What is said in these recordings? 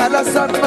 Alassane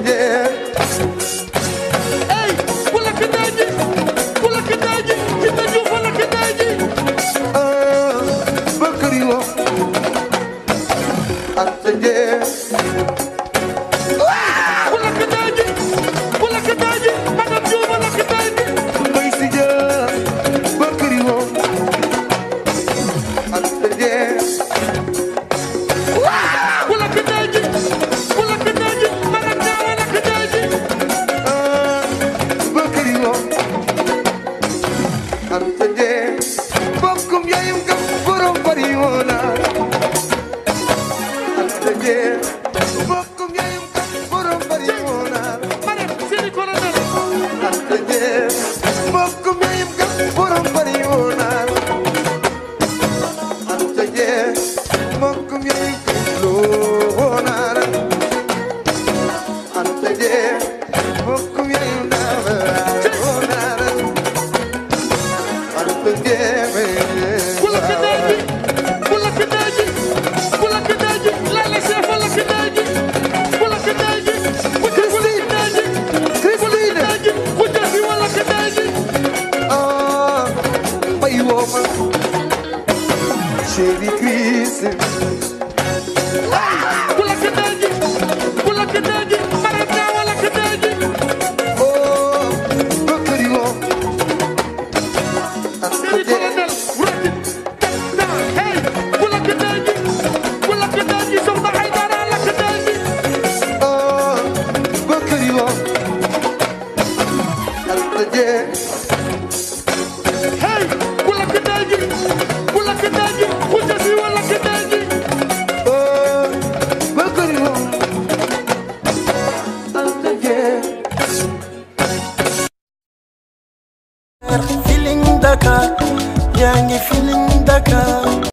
te Chevy Christ yaa ngi Feeling Dakar